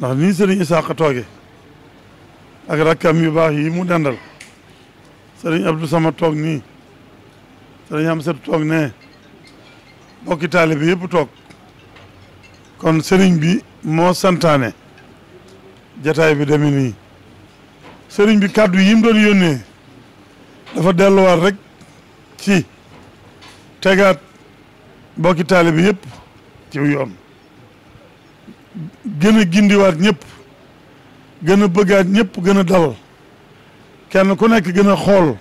ndax nii sëriñ Isaaqa tooge ak rakkam yu baax yi mu dendal sëriñ Abdou sama toog nii sëriñ Amsatu toog nee bokki taalibe yëpp toog kon sëriñ bi moo santaane jataay bi demee nii sëriñ bi kàddu yim mu yónnee dafa delluwaat rek ci tegaat bokki taalibe yëpp ci yoon gën gindiwaat ñépp gën a bëggaat ñëpp gën a dal kenn ku nekk gën a xool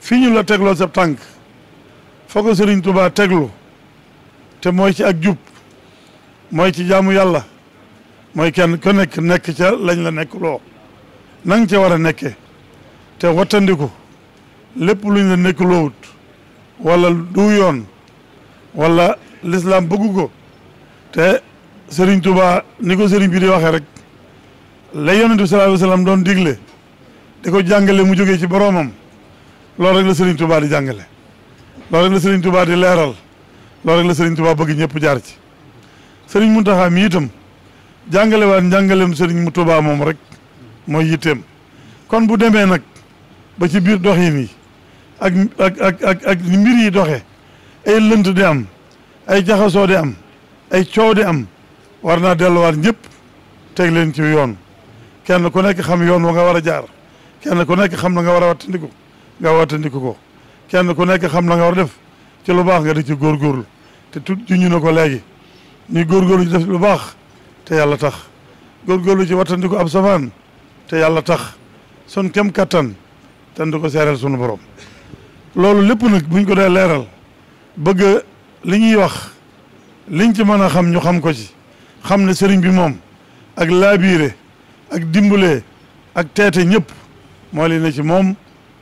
fii ñu la tegloo sa tànk foo ko sëriñ tubaa teglu te mooy ci ak jub mooy ci jaamu yàlla mooy kenn ku nekk nekk ca lañ la nekkuloo loo nang ca war a nekke te wattandiku lépp luñ la nekk walla wala du lislaam bëggu ko te sëriñ Touba ni ko sëriñ bi di waxee rek lay yonent bi sallallahu doon digle di ko jàngale mu jóge ci boroomam loolu rek la sëriñ Touba di jàngale loolu rek la sëriñ Touba di leeral loolu rek la sëriñ Touba bëgg ñëpp jaar ci sëriñ mu Mountakha mi itam jàngale waat njàngaleem sëriñ mu tubaa moom rek mooy yitteem kon bu demee nag ba ci biir doxin yi ak ak mbir yi doxe ay lënt di am ay jaxasoo di am ay coow di am war naa delluwaat ñëpp teg leen ci yoon kenn ku nekk xam yoon wa nga war a jaar kenn ku nekk xam na nga war a wattandiku nga wattandiku ko kenn ku nekk xam na nga war a def ci lu baax nga di ci góorgóorlu te tu juñu na ko léegi ñu góorgóorlu ci def lu baax te yàlla tax góor góorgóorlu ci wattandiku ab safaan te yàlla tax sun kem kattan ten du ko seereel sunu borom loolu lépp nag buñ ko dee leeral bëgg li ñuy wax liñ ci mën a xam ñu xam ko ci xam ne sëriñ bi moom ak laabiire ak dimbulee ak teete ñëpp mooy li ne ci moom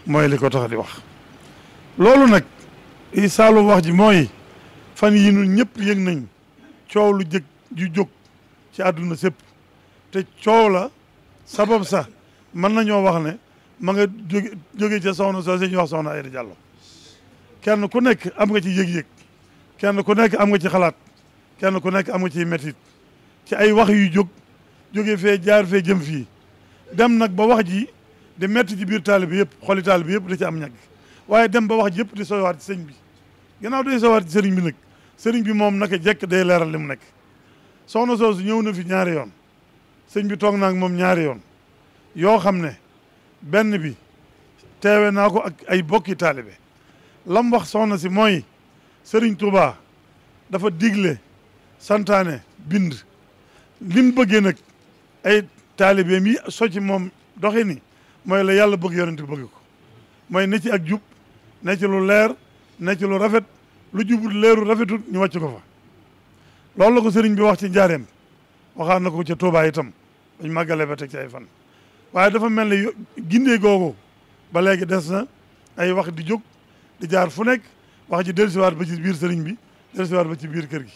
mooy li ko tax di wax loolu nag i saalu wax ji mooy fan yi nun ñëpp yëg nañ coow lu jëkk ju jóg ci àdduna sëpp te coow la sabab sax mën nañoo wax ne ma nga jóge jóge ca soxna soo ñu wax soxna Aïda Diallo kenn ku nekk am nga ci yëg-yëg kenn ku nekk am nga ci xalaat kenn ku nekk am nga ci métit ci ay wax yu jóg jóge fee jaar fee jëm fii dem nag ba wax ji di metti ci biir taalibe yëpp xoli taalibe yëpp da ci am ñag waaye dem ba wax ji yëpp di sowaat ci sëñ bi gannaaw day sowaat sëriñ bi nag sëriñ bi moom nag jekk day leeral li mu nekk soxna soosu ñëw na fi ñaari yoon sëñ bi toog naa moom ñaari yoon yoo xam ne benn bi teewe naa ko ak ay bokki taalibe lam wax soxna si mooy sëriñ Touba dafa digle santaane bind lim bëggee nag ay taalibeem yi soci moom doxi ni mooy la yàlla bëgg yonent bëgg ko mooy ne ci ak jub ne ci lu leer ne ci lu rafet lu jubut leeru rafetut ñu wàcc ko fa loolu la ko sëriñ bi wax ci njaareem waxaan na ko ca Tuubaa itam dañ màggale ba teg ci ay fan waaye dafa mel ni gindee googu ba léegi des na ay wax di jóg di jaar fu nekk wax ji dellusiwaat ba ci biir sëriñ bi dellusiwaat ba ci biir kër gi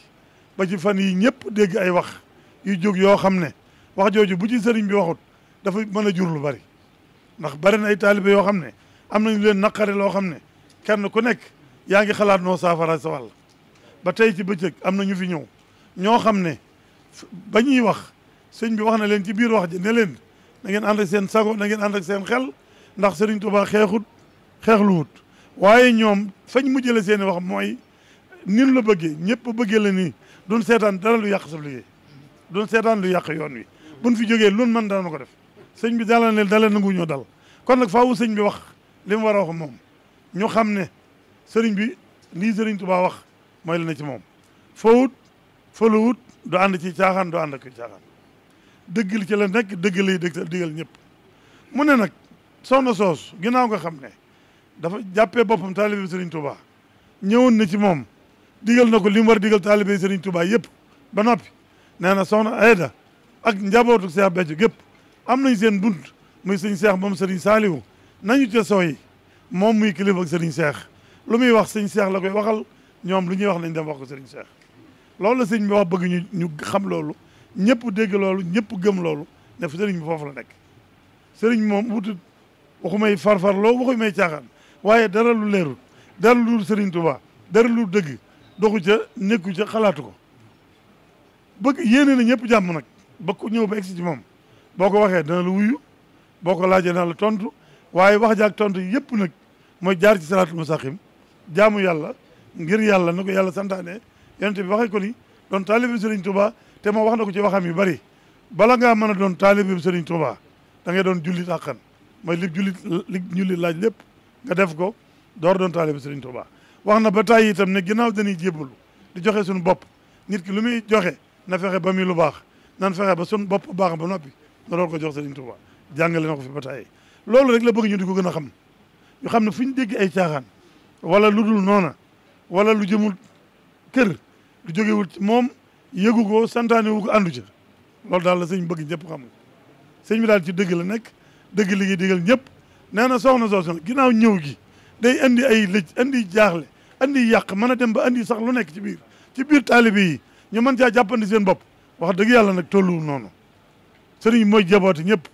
ba ci fan yi ñëpp dégg ay wax yu jóg yoo xam ne wax jooju bu ci sëriñ bi waxut dafa mën a jur lu bari ndax bari na ay taalibe yoo xam ne am nañu leen naqare loo xam ne kenn ku nekk yaa ngi xalaat noo saafara sa ba tey ci bëccëg am na ñu fi ñëw ñoo xam ne ba ñuy wax sëñ bi wax na leen ci biir wax ji ne leen na ngeen ànd ak seen sago na ngeen ànd ak seen xel ndax sëriñ ba xeexut xeexluwut waaye ñoom fañ mujjële seen i wax mooy nin la bëggee ñëpp bëggee la nii duñ seetaan dara lu yàq doon seetaan lu yàq yoon wi buñ fi jógee loolu mën daana ko def sëñ bi dalal ne dalee nangu ñoo dal kon nag faawu sëñ bi wax lim war a wax moom ñu xam ne sëriñ bi lii sëriñ Tuubaa wax mooy la ci moom fawut faluwut du ànd ci caaxaan du ànd ak caaxaan dëgg li ci la nekk dëgg lay dëgg digal ñëpp mu ne nag soxna soos ginnaaw nga xam ne dafa jàppee boppam taalibe sëriñ tubaa ñëwoon na ci moom digal na ko li mu war digal taalibe sëriñ Tuubaa yëpp ba nee na soxna Aida ak njabootu Seex Béthio gépp am nañ seen bunt muy sëñ Seex moom sëriñ Saaliwu nañu ca sooy moom muy kilifa ak sëriñ Seex lu muy wax sëñ Seex la koy waxal ñoom lu ñuy wax nañ dem wax ko sëriñ Seex loolu la sëñ bi wax bëgg ñu xam loolu ñëpp dégg loolu ñëpp gëm loolu ne fa sëriñ bi foofu la nekk sëriñ moom wutut waxu may farfar loo waxu may caaxaan waaye dara lu leerul dara lu sëriñ Tuubaa dara lu dëgg doxu ca nékku ca xalaatu ko bëgg yéene na ñëpp jàmm nag ba ku ñëw ba egsi moom boo ko waxee dana la wuyu boo ko laajee dana la tontu waaye wax jaak tontu yëpp nag mooy jaar ci salaatul mustaqim jaamu yàlla ngir yàlla na ko yàlla santaane yonent bi waxee ko ni doon taalibe Serigne Touba te moo wax na ko ci waxam yu bari bala ngaa mën a doon taalibe Serigne Touba da dangay doon jullit àqan mooy li jullit li jullit laaj lépp nga def ko door doon taalibe Serigne Touba. wax na ba tàyyi itam ne ginnaaw dañuy jébbalu di joxe suñu bopp nit ki lu muy joxe. na fexe ba muy lu baax nan fexe ba sun bopp baax ba noppi na doon ko jox Serigne Touba jàngale na ko fi ba tàyyi loolu rek la bëgg ñu di ko gën a xam ñu xam ne fu ñu dégg ay caaxaan wala lu dul noona wala lu jëmul kër lu jógewul ci moom yëgu ko santaane wu ko àndu ca loolu daal la sëñ bëgg ñëpp xam nga sëñ bi daal ci dëgg la nekk dëgg li ngi digal ñëpp nee na soxna soosu ginnaaw ñëw gi day andi ay lëj andi jaaxle andi yàq mën a dem ba andi sax lu nekk ci biir ci biir taalibe yi ñu mën caa jàppandi seen bopp wax dëgg yàlla nag tolluwul noonu sëriñ mooy jaboote ñëpp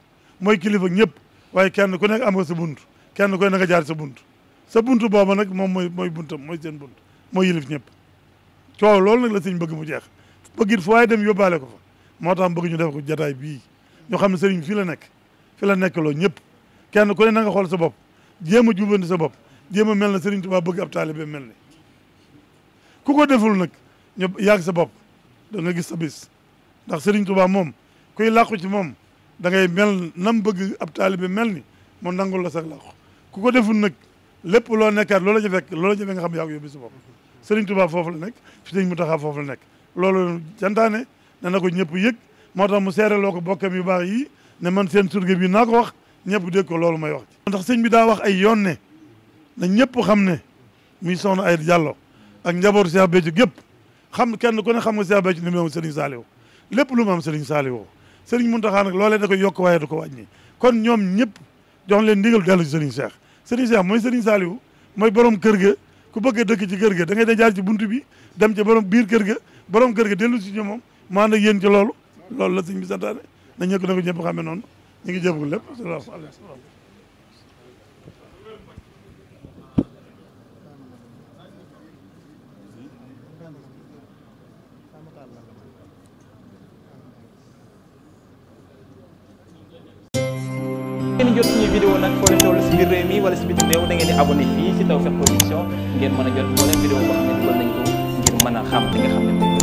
mooy kilifa ñëpp waaye kenn ku nekk am nga sa bunt kenn ku ne jaar sa bunt sa bunt booba nag moom mooy mooy buntam mooy seen bunt mooy yilif ñëpp coow loolu nag la sëriñ bëgg mu jeex bëggit fu waaye dem yóbbaale ko fa moo tax bëgg ñu def ko jataay bii ñu xam ne sëriñ fii la nekk fi la nekk loo ñëpp kenn ku ne na nga xool sa bopp jéem a jubandi sa bopp jéem a mel na sëriñ Tuubaa bëgg ab taalibe mel ni ku ko deful nag ñu yàgg sa bopp da nga gis sa ndax sëriñ Touba moom kuy làqu ci moom da ngay mel nam bëgg ab taalibe mel ni mu nangul la sax làqu ku ko deful nag lépp loo nekkaat loola ci fekk loola ci nga xam yaa ko yóbbu si bopp Serigne Touba foofu la nekk Serigne Mountakha foofu la nekk loolu jantaane dana ko ñëpp yëg moo tax mu seereloo ko bokkam yu baax yi ne man seen surge bi naa ko wax ñëpp dégg ko loolu may wax ci ndax sëñ bi daa wax ay yoon ne na ñëpp xam ne muy soxna ay jàlloo ak njabootu Cheikh Béthio gépp xam kenn ku ne xam nga Cheikh Béthio ni mu am Serigne Saliou lépp lu mu am Serigne Saliou Serigne Mountakha nag loolee da koy yokk waaye du ko wàññi kon ñoom ñëpp jox leen ndigal dellu ci Serigne Cheikh Serigne Cheikh mooy Serigne Saliou mooy borom kër ga ku bëgg a dëkk ci kër ga da ngay da jaar ci buntu bi dem ci borom biir kër ga borom kër ga dellu si ñoom moom maa nag yéen ci loolu loolu la sëñ bi santaane na ñëkk na ko ñëpp xamee noonu ñu ngi jëbul lépp sallallahu alayhi ngeen jot suñu vidéo nag foo mi wala si biir réew da ngeen di abonné fii si Tawfekh Production ngeen mën a jot moo leen